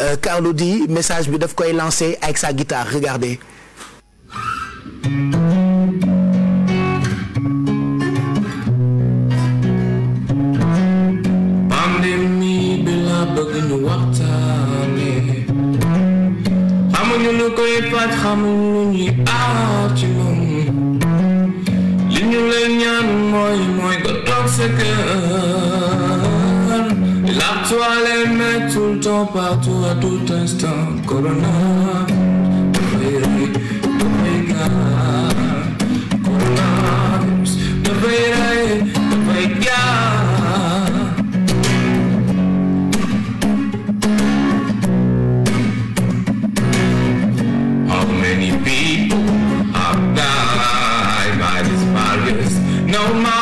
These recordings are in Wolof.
Euh, Carlou D message bi daf koy lancer avec sa guitare regardez. pandémie bi la bëgg ñu waxtaanee. li ñu lay ñaan mooy mooy ko toog sa Toi les mets tout le temps, partout, à tout instant. Corona, Corona, How many people have died by this virus? No more.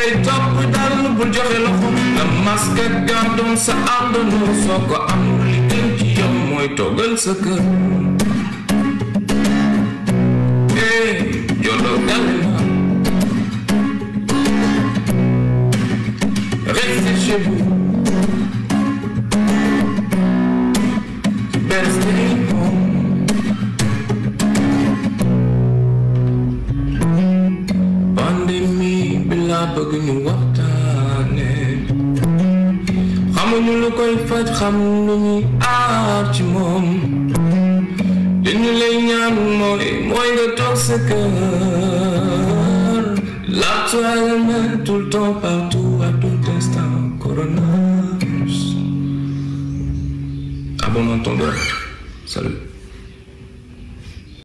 day topp dal bu joxe loxo nga masque gàddoon sa àndandoo soo ko am li gën ci yow mooy toggal sa kër eh jolo dal na restez chez vous laa bëgg ñu waxtaane xamuñu lu koy faj xam lu ñuy aar ci moom li ñu lay mooy mooy nga toog sa kër l'actuellement tout le temps partout à tout instant coronavirus à ah bon entendeur